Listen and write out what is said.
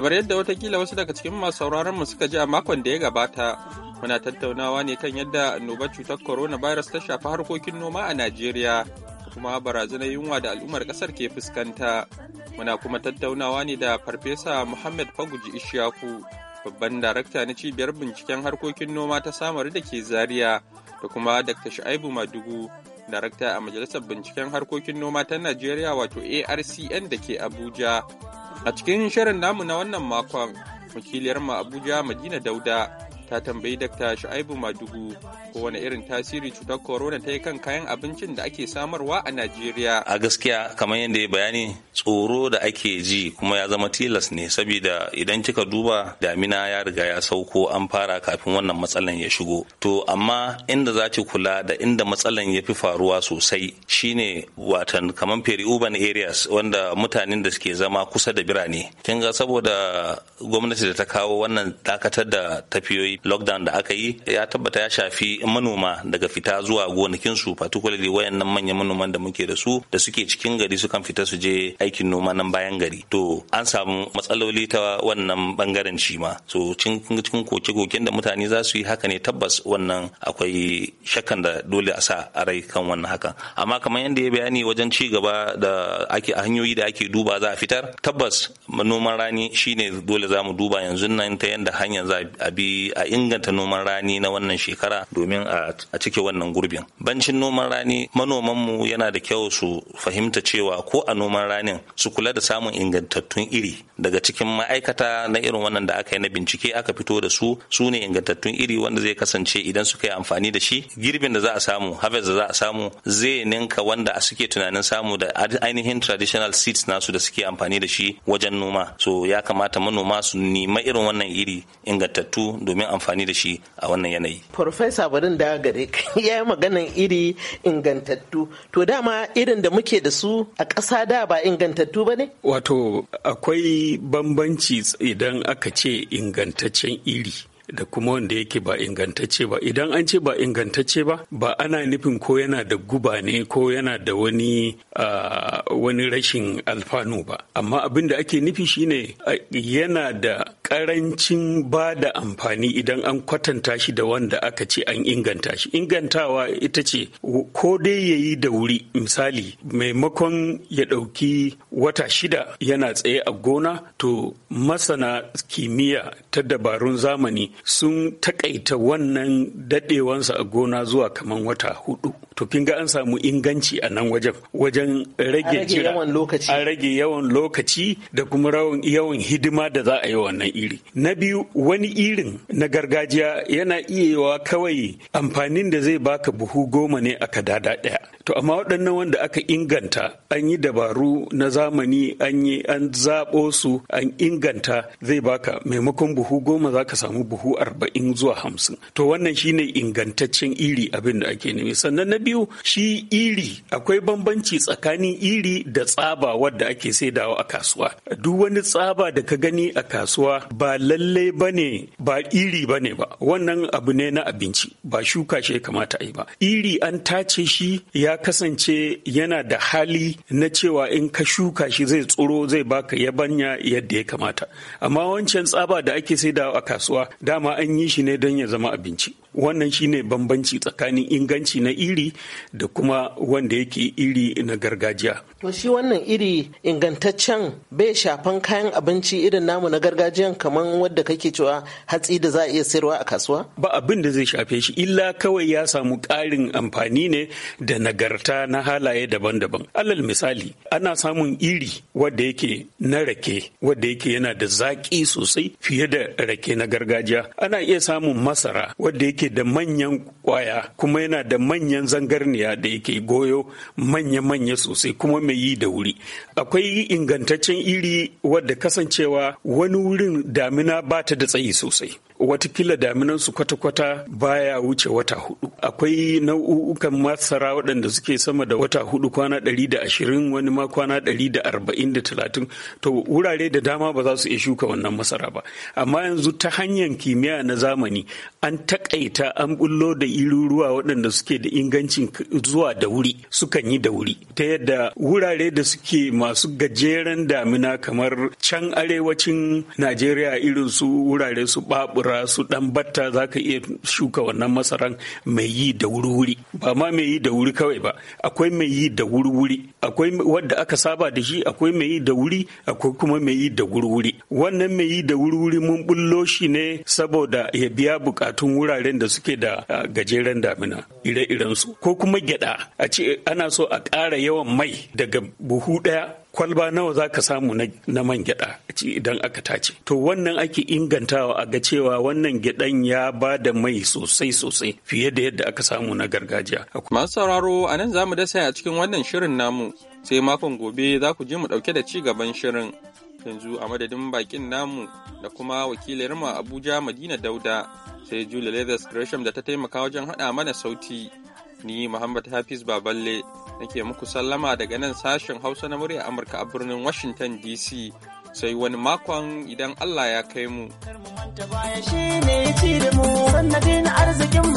Kamar yadda watakila wasu daga cikin masu sauraron mu suka ji a makon da ya gabata, muna tattaunawa ne kan yadda annobar cutar coronavirus ta shafi harkokin noma a Najeriya, kuma barazanar yunwa da al'ummar kasar ke fuskanta. Muna kuma tattaunawa ne da Farfesa Muhammad Faguji Ishaku, babban darakta na cibiyar binciken harkokin noma ta samari da ke Zaria, da kuma Dr. Shu'aibu Madugu, darakta a Majalisar Binciken Harkokin Noma ta Najeriya wato ARCN da ke Abuja. A cikin shirin namu na wannan makon, wakiliyar mu Abuja Madina Dauda ta tambayi Dr. Shu'aibu Madugu ko wani irin tasiri cutar corona ta yi kan kayan abincin da ake samarwa a Najeriya. A gaskiya kamar yadda ya bayani tsoro da ake ji kuma ya zama tilas ne saboda idan kika duba damina ya riga ya sauko an fara kafin wannan matsalan ya shigo. To amma inda za ki kula da inda matsalan ya fi faruwa sosai shine watan kamar peri-urban areas wanda mutanen da suke zama kusa da birane. Kin ga saboda gwamnati da ta kawo wannan dakatar da tafiyoyi lockdown da aka yi ya tabbata ya shafi manoma daga fita zuwa gonakin gonakinsu particularly wayannan manyan manoman da muke da su da suke cikin gari sukan fita su je aikin noma nan bayan gari to an samu matsaloli ta wannan bangaren shi ma so cikin koke-koken da mutane za su yi haka ne tabbas wannan akwai shakkan da dole a sa a rai kan wannan haka amma kamar yadda ya bayani wajen ci gaba da ake a hanyoyi da ake duba za a fitar tabbas noman rani shine dole za mu duba yanzu nan ta yadda hanyar za a bi a inganta noman rani na wannan shekara domin a cike wannan gurbin bancin noman rani manomanmu yana da kyau su fahimta cewa ko a noman ranin su kula da samun ingantattun iri daga cikin ma'aikata na irin wannan da aka yi na bincike aka fito da su su ne ingantattun iri wanda zai kasance idan suka yi amfani da shi girbin da za a samu harvest da za a samu zai ninka wanda a suke tunanin samu da ainihin traditional seeds nasu da suke amfani da shi wajen noma so ya kamata manoma su nima irin wannan iri ingantattu domin amfani da shi a wannan yanayi. Farfesa barin da gare ya yi maganan iri ingantattu. To dama irin da muke da su a ƙasa da ba ingantattu ba ne? Wato akwai bambanci idan aka ce ingantaccen iri. da kuma wanda yake ba ingantacce ba idan an ce ba ingantacce ba ba ana nufin ko yana da guba ne ko yana da wani wani rashin alfanu ba amma abin da ake nufi shine yana da karancin ba da amfani idan an kwatanta shi da wanda aka ce an inganta shi ingantawa ita ce ko dai ya yi da wuri misali maimakon ya ɗauki wata shida yana tsaye a gona to masana kimiyya ta dabarun zamani sun taƙaita wannan daɗewansa a gona zuwa kaman wata hudu to kin ga an samu inganci a nan wajen wajen rage a rage yawan lokaci da kuma yawan hidima da za a yi wannan iri na biyu wani irin na gargajiya yana iya yawa kawai amfanin da zai baka buhu goma ne aka dada ɗaya to amma waɗannan wanda aka inganta an yi dabaru na zamani an yi an zaɓo su an inganta zai baka maimakon buhu goma za ka samu buhu arba'in zuwa hamsin to wannan shine ingantaccen iri abin da ake nemi sannan na biyu biyu shi iri akwai bambanci tsakanin iri da tsaba wadda ake saidawa a kasuwa. Duk wani tsaba da ka gani a kasuwa ba lalle ba ne ba iri ba ne ba wannan abu ne na abinci ba shuka shi ya kamata a yi ba. Iri an tace shi ya kasance yana da hali na cewa in ka shuka shi zai tsoro zai baka yabanya yadda ya kamata. Amma wancan tsaba da ake saidawa a kasuwa dama an yi shi ne don ya zama abinci. Wannan shine bambanci tsakanin inganci na iri da kuma wanda yake iri na gargajiya. To shi wannan iri ingantaccen bai shafan kayan abinci irin namu na gargajiyan kamar wadda kake cewa hatsi da za a iya sayarwa a kasuwa? Ba abin da zai shafe shi illa kawai ya samu ƙarin amfani ne da nagarta na halaye daban-daban. Alal misali ana samun iri wadda yake na rake wadda yake yana da zaƙi sosai fiye da rake na gargajiya. Ana iya samun masara wadda yake da manyan kwaya kuma yana da manyan zan zangarniya da yake goyo manya-manya sosai kuma mai yi da wuri akwai ingantaccen iri wadda kasancewa wani wurin damina ba ta da tsayi sosai watakila daminan su kwata-kwata baya wuce wata hudu akwai nau'ukan masara waɗanda suke sama da wata hudu kwana ɗari da ashirin wani ma kwana ɗari da arba'in da talatin to wurare da dama ba za su iya shuka wannan masara ba amma yanzu ta hanyar kimiyya na zamani an taƙaita an bullo da iruruwa waɗanda suke da inganci abincin zuwa da wuri sukan yi da wuri ta yadda wurare da suke masu gajeren damina kamar can arewacin najeriya irin su wurare su babura su dan batta za ka iya shuka wannan masaran mai yi da wuri ba ma mai yi da wuri kawai ba akwai mai yi da wuri akwai wadda aka saba da shi akwai mai yi da wuri akwai kuma mai yi da wuri wannan mai yi da wuri-wuri mun bullo shi ne saboda ya biya bukatun wuraren da suke da ah, gajeren damina ire-irensu ko kuma gyada a ce ana so a ƙara yawan mai daga buhu ɗaya kwalba nawa za ka samu na man gyada idan aka tace to wannan ake ingantawa a ga cewa wannan gyadan ya ba da mai sosai sosai fiye da yadda aka samu na gargajiya masu sauraro a nan za mu dasa a cikin wannan shirin namu sai makon gobe za ku je mu ɗauke da ci gaban shirin yanzu a madadin bakin namu da kuma wakilarmu mu abuja madina dauda sai julia leathers gresham da ta taimaka wajen haɗa mana sauti ni muhammad hafiz baballe nake muku sallama daga nan sashen hausa na murya amurka a birnin washington dc sai wani makon idan allah ya kai mu arzikin